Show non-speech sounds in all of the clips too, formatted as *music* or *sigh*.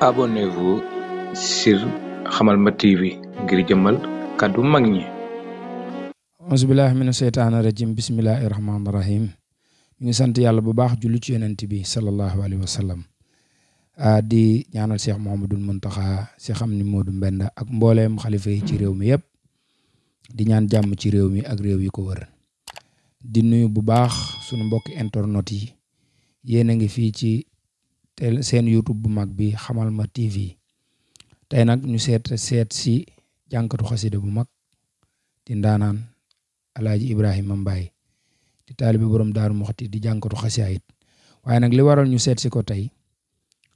abonnez-vous xamal Hamalma TV ngir jëmmal kàddu mag ñi auzu billahi mina sheytaani rajim bismillahi rahmaani rahim ngi sant yàlla bu baax jullu ci yenent bi sallallahu alayhi wa sallam di ñaanal Cheikh Mouhamadul Mountakha si xam ni Modou Mbenda ak mbooleem xalifa yi ci réew mi yëpp di ñaan jàmm ci réew mi ak réew yi ko wër di nuyu bu baax sunu mbokki internet yi yéen ngi fii ci te seen YouTube bu mag bi xamal ma TV tey nag ñu seet seet si jànkatu xasida bu mag di ndaanaan alaaji Ibrahima Mbaye di taalibe borom Daaru Muxti di jànkatu xasaayit waaye nag li waral ñu seet si ko tey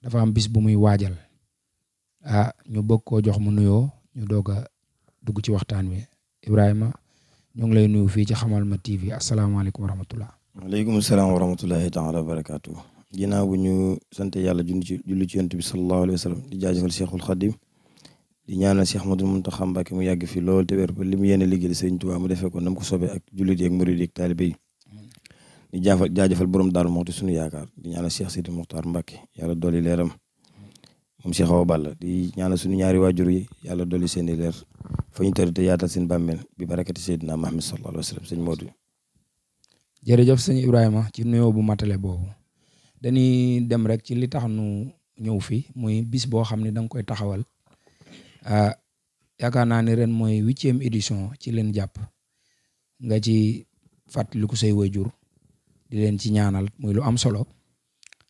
dafa am bis bu muy waajal ah ñu bëgg koo jox mu nuyoo ñu doog a dugg ci waxtaan wi Ibrahima ñoo ngi lay nuyu fii ci xamal ma TV asalaamaaleykum wa rahmatullah. waaleykum salaam wa rahmatullahi taala ginnaaw bu ñu sante yàlla julli ci julli ci yonent bi sallallahu alayhi wa sallam di jaajëfal Cheikhul Khadim di ñaanal Cheikh mun Mountakha Mbacké mu yàgg fi lool te wér ba li mu yéene liggéeyal Sëriñ Tuubaa mu defee ko nam ko soobee ak jullit yeeg murid yeeg taalibe yi di jaafal jaajëfal borom daal moxti suñu yaakaar di ñaanal Cheikh Sidi Muxtaar Mbacké yàlla dolli leeram moom Cheikh Awa Balla di ñaanal suñu ñaari waajur yi yàlla dolli seen i leer fa ñu tëdd te yaatal seen bàmmeel bi barakati Seydina Muhammad sallallahu alayhi wa sallam sëñ Modou jërëjëf sëñ Ibrahima ci nuyoo bu matale boobu dañuy dem rek ci li tax nu ñëw fi muy bis boo xam ne da koy taxawal ah, yaakaar naa ne ren mooy huitième édition ci leen jàpp nga ci fàttaliku say waajur di leen ci ñaanal muy lu am solo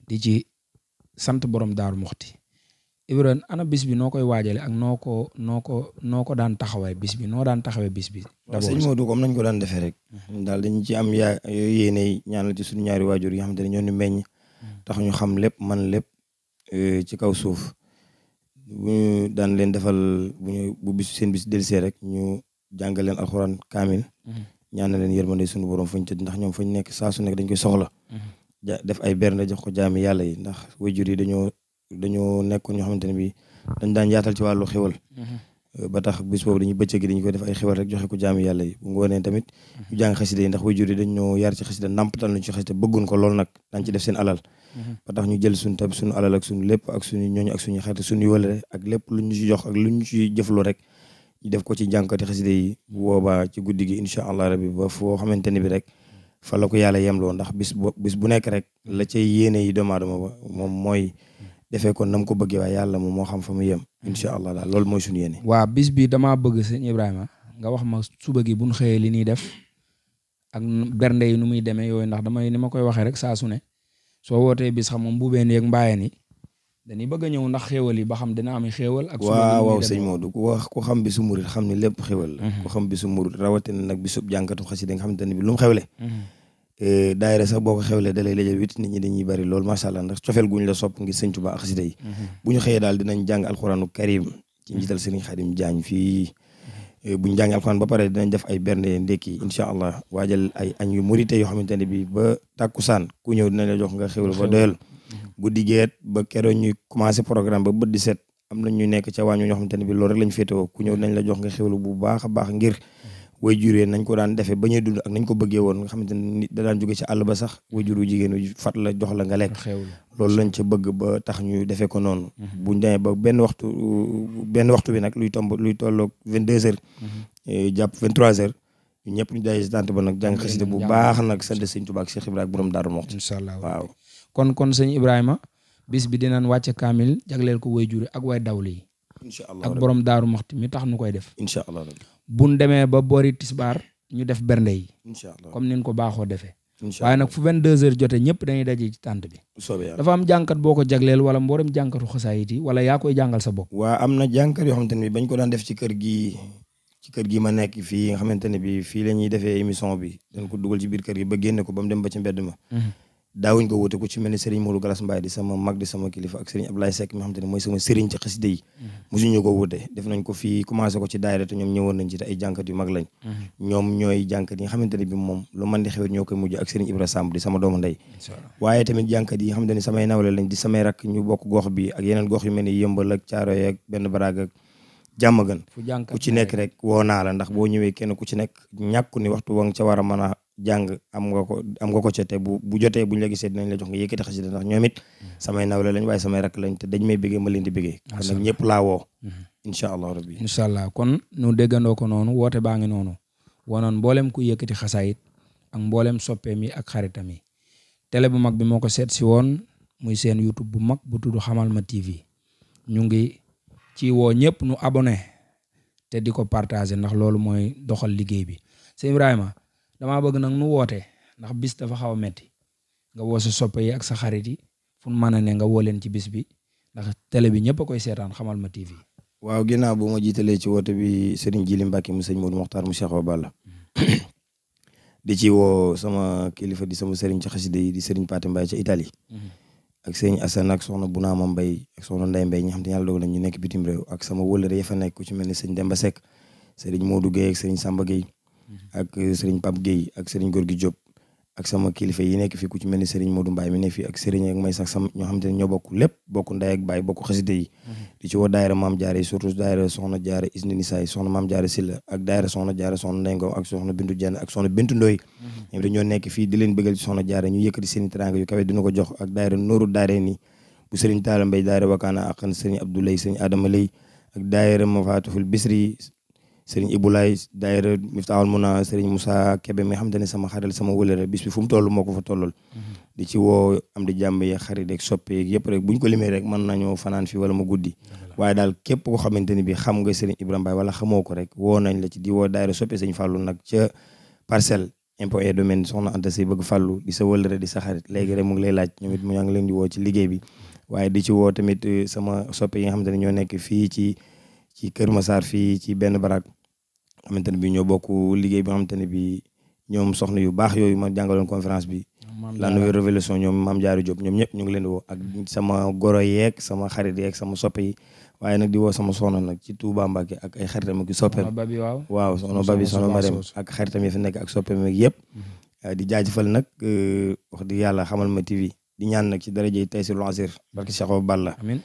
di ci sant borom daaru muxti Ibrahima ana bis bi noo koy waajale ak noo ko noo ko noo ko daan taxawee bis bi noo daan taxawee bis bi. waaw sëñ Modou comme nañ ko daan defee rek. Mhm. daal dañ ci am yaa yéene ñaanal ci suñu ñaari waajur yi nga xam te ne ñu meññ. tax ñu xam lépp man lépp eh, ci kaw suuf bu ñu daan leen defal bu ñu bu bis seen bis dellusee rek ñu jàngal leen alxuraan kaamil mhm. ñaanal leen yërmande suñu borom fuñ tëdd ndax ñoom fuñ nekk saa su nekk dañ koy soxla mhm. def ay bernde jox ko jaami yàlla yi ndax wayjur yi dañoo dañoo nekkoon ñoo xamante ne bi dañ daan yaatal ci wàllu xewal mhm. eh, ba tax bis boobu dañuy bëccëg gi dañu koy def ay xewal rek joxe ko jaami yàlla yi bu ngoonee tamit ñu jàng xasida yi ndax wayjur yi dañoo yar ci xasida nàmpatal nañ ci xasida bëggun ko lool nag dañ ci def seen alal ba tax ñu jël suñu tab suñu alal ak suñu lépp ak suñu ñooñ ak suñu xarit suñu wëlare ak lépp lu ñu ci jox ak lu ñu ci jëflu rek ñu def ko ci jànkati xasida yi bu boobaa ci guddi gi incha allah rabbi ba foo xamante ni bi rek fa la ko yàlla yemloo ndax bis bo bis bu nekk rek la cay yéene yi doomu aadama moom mooy defee kon nam ko bëggee waaye yàlla moom moo xam fa mu yem incha allah daal loolu mooy suñu yéene waaw bis bi damaa bëgg sëñ Ibrahima nga wax ma suba gi buñ xëyee li ñuy def ak bernde yi nu muy demee yooyu ndax dama ni ma koy waxee rek saa su ne soo wootee bis xam moom buubeen yeeg mbaayeen yi dañuy bëgg a ñëw ndax xéewal yi ba xam dina am xéewal ak waaw waaw sëñ Modou ku wax ku xam bisu murit xam ni lépp xéewal la mhm. ku xam bisu murit rawatina nag bisub jànkatu xasida nga xamante ni bi lu mu xewle mhm. eh, daayira sax boo ko xewlee da lay lajal wit nit bari loolu macha allah ndax cofeel guñ la sopp ngir sëñ Tuubaa mhm. daal dinañ jàng alxuraanu karim ci njiital sëriñ Xadim Jaañ fii Eh, bu ñu jàngee alxuraan ba pare dinañ def ay bernde ndekki incha allah waajal ay añ yu murite yoo xamante ne bii ba tàkkusaan ku ñëw dinañ la jox nga xéwlu ba doyal guddi geet ba keroog ñuy commencé programme ba bët di set am na ñu nekk ca wàññi ñoo xamante ne bii loolu rek lañ féetewoo ku ñëw nañ la jox nga xéwlu bu baax a baax ngir way juree nañ ko daan defee bañ a dund ak nañ ko bëggee woon nga xamante ne nit da daan jóge ci àll ba sax way juru jigéenu fat la jox la nga lekk loolu lañ ca bëgg ba tax ñu defee ko noonu mhm. bu demee ba benn waxtu benn waxtu bi nag luy tomb luy tolloog vingt deux heures mhm. eh, jàpp vingt trois heures ñu ñëpp ñu daje si tànt ba nag jàng xasida bu baax nag sant sëñ Tuubaa ak Cheikh Ibrahima borom Daaru Muxti incha allah waaw kon kon sëñ Ibrahima bis bi naan wàcce kaamil jagleel ko way jure ak way dawli incha allah ak borom daaru maxti mi tax nu koy def. incha allah buñ demee ba boori tisbaar ñu def bernde yi. incha allah comme ni ko baaxoo defee. waaye nag fu 22 heures jotee ñëpp dañuy daje ci tànt bi. dafa am jànkat boo ko jagleel wala mboolem jànkatu xasaayit yi wala yaa koy jàngal sa bopp. waa am na jànkat yoo xamante ne bi bañ ko daan def ci kër gi ci kër gi ma nekk fii nga xamante ne bi fii la ñuy defee émission bi dañ ko dugal ci biir kër gi ba génne ko ba mu dem ba ci mbedd ma. Mhm. daawuñ ko wute ku ci mel ni Serigne Modou Galas Mbaye di sama mag di sama kilifa ak Serigne Ablaye Seck mi xam te ne sama Serigne ci xasida yi mm-hmm. mosuñu ko wute def nañ ko fii commencé ko ci daayira te ñoom ñëwoon nañ ci mm-hmm. ñooy jànkat yi nga xamante ne bi moom lu man di xewet ñoo koy mujj ak Serigne Ibra Samb di sama doomu ndey waaye tamit jànkat yi nga xamante ne samay nawle lañ di samay rak ñu bokk gox bi ak yeneen gox yu mel ni yëmbal ak caaroy ak benn baraag ak jàmm gën nekk rek woo naa la ndax boo ñëwee kenn ku ci nekk ñàkku ni waxtu wa nga ca war a mën a jàng am nga ko am nga ko ca bu bu jotee bu ñu la gisee dinañ la jox nga yëkkati xasida ndax ñoom it mm-hmm. samay nawle lañ waaye samay rakk lañ te dañ may bëggee ma leen di bëggee kon nag ñëpp laa woo mm-hmm. incha allah rabbi incha kon nu déggandoo ko noonu woote baa ngi noonu wanoon mboolem ku yëkkati xasaayit ak mboolem soppeem yi ak xaritam yi télé bu mag bi moo ko seet si woon muy seen youtube bu mag bu tudd xamal ma tv ñu ngi ci woo ñëpp nu abonné te di ko partagé ndax loolu mooy doxal liggéey bi sëñ ma damaa bëgg nag nu woote ndax bis dafa xaw a metti nga woo sa soppe yi ak sa xarit yi fu mën a ne nga woo leen ci bis bi ndax tele bi ñëpp a koy seetaan xamal ma TV. waaw ginnaaw bu ma jiitalee ci woote bi Serigne Jili Mbacke mu sëñ Modou Mokhtar mu Cheikh Balla mm-hmm. *coughs* ci woo sama kilifa di sama sëriñ ci xasida yi di sëriñ Paate Mbaye ca itali mm-hmm. ak sëñ Assane ak soxna Bunaama Mbaye ak soxna Ndeye Mbaye ñi xam te yàlla dogal ñu nekk bitim réew ak sama wëllëre ya fa nekk ku ci mel ni sëñ Demba Seck sëriñ Modou Guèye ak sëriñ Samba Guèye ak sëriñ Pape Guèye ak sëriñ Gorgui Diop ak sama kilifa yi nekk fii ku ci mel ni sëriñ Modou Mbaye mi ne fii ak sëriñ ak may sax sama ñoo xamante ne ñoo bokk lépp bokk nday ak baay bokk xaside mhm. di ci woo daayira maam jaare surtout daayira soxna jaare isni nisaay soxna maam jaare silla ak daayira soxna jaare soxna ak soxna bintu jenn ak mhm. jaare ñu yëkkati seen teraanga yu kawe dina ko jox ak daayira nooru daare ni bu sëriñ Taala Mbay daayira wakaana ak sëriñ Abdoulaye sëriñ Adama Lay ak daayira sëriñ Ibulaay daayira Miftaahul Muna sëriñ Moussa Kebe mi xam te ne sama xaral sama wëlëre bis bi fu mu toll moo ko fa tollal mhm. di ci woo am di jàmb yi xarit ak soppe yëpp rek buñ ko limee rek mën nañoo fanaan fi wala mu guddi waaye daal képp ko xamante ni bi xam nga sëriñ Ibrahima Baye wala xamoo ko rek woo nañ la ci di woo daayira soppe sëñ nag ca parcelle impôt et domaine soxna Anta Sy bëgg Fàllu di sa wëlëre sa xarit léegi rek mu ngi lay laaj ñoom it mu ci liggéey bi waaye di ci woo tamit eh, sama soppe yi nga xam te ne ñoo nekk fii ci ci Kër Massar fii ci benn baraag xamante ne bi ñoo bokk liggéey bi xamante ne bi ñoom soxna yu baax yooyu ma jàngaloon conférence bi la nouvelle révélation ñoom Maam Jaara Diop ñoom ñëpp ñu ngi leen di woo ak sama goro sama xarit sama soppe yi waaye nag di woo sama soxna nag ci Touba Mbacké ak ay xaritam ak soppeem waaw soxna Babi soxna Marème ak xaritam yi fi nekk ak soppeem ak yëpp mhm. di jaajëfal nag euh, wax di yàlla xamal ma TV di ñaan nag ci daraje Taysiroul Asir barke Cheikh Balla amiin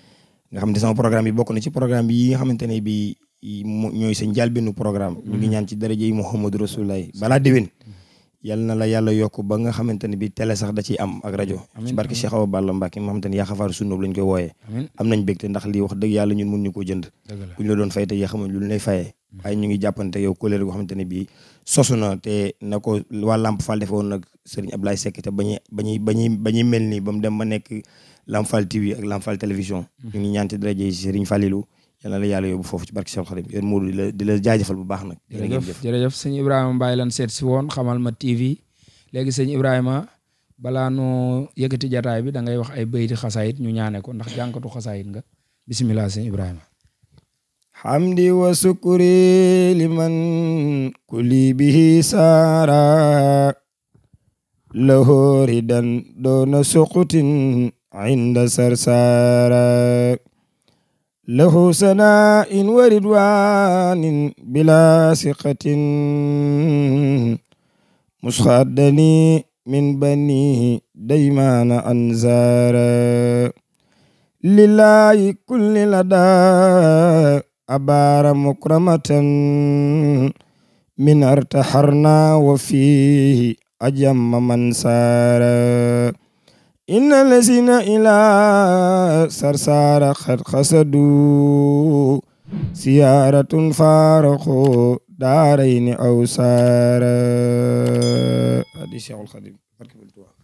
nga xam ne sama programme yi bokk na ci programme bi yi nga xamante ne bii ñooy sa njëlbéenu programme. Mm-hmm. ñu ngi ñaan ci daraja yi la yàlla yokk ba nga xamante ne bii télé sax da ciy am ak rajo. ci am nañ bégte ndax lii wax dëgg yàlla ñun mun ñu ñu la doon fay te yaa xamuñ lu ñu lay fayee. Mm-hmm. waaye ñu ngi jàppante yow kóllëre na te na ko waa Lamp Fall defee woon nag Serigne Ablaye Seck te bañuy bañuy mel nii ba mu dem ma nekk Lamfal TV ak Lamfal télévision. Hmm. ñu ngi ñaan ci daraje Serigne Fallilou yal na la yàlla yóbbu foofu ci barke Seex Xaadim yéen Modou di la di la jaajëfal bu baax nag. jërëjëf jërëjëf sëñ Ibrahima Mbaye lan seet si woon xamal ma TV léegi sëñ Ibrahima balaa noo yëkkati jataay bi da ngay wax ay bayti xasaayit ñu ñaane ko ndax jànkatu xasaayit nga bisimilah sëñ Ibrahima. xamdi wa liman kuli bihi saara lahoridan doona suqutin عند سرسارة له سناء وردوان بلا ثقة مسخدني من بنيه ديمان أنزارا لله كل لدى أبار مكرمة من ارتحرنا وفيه أجم من سارا إن الذين إلى سرسار قد خسدوا سيارة فارقوا دارين أو سار هذه شيخ الخديم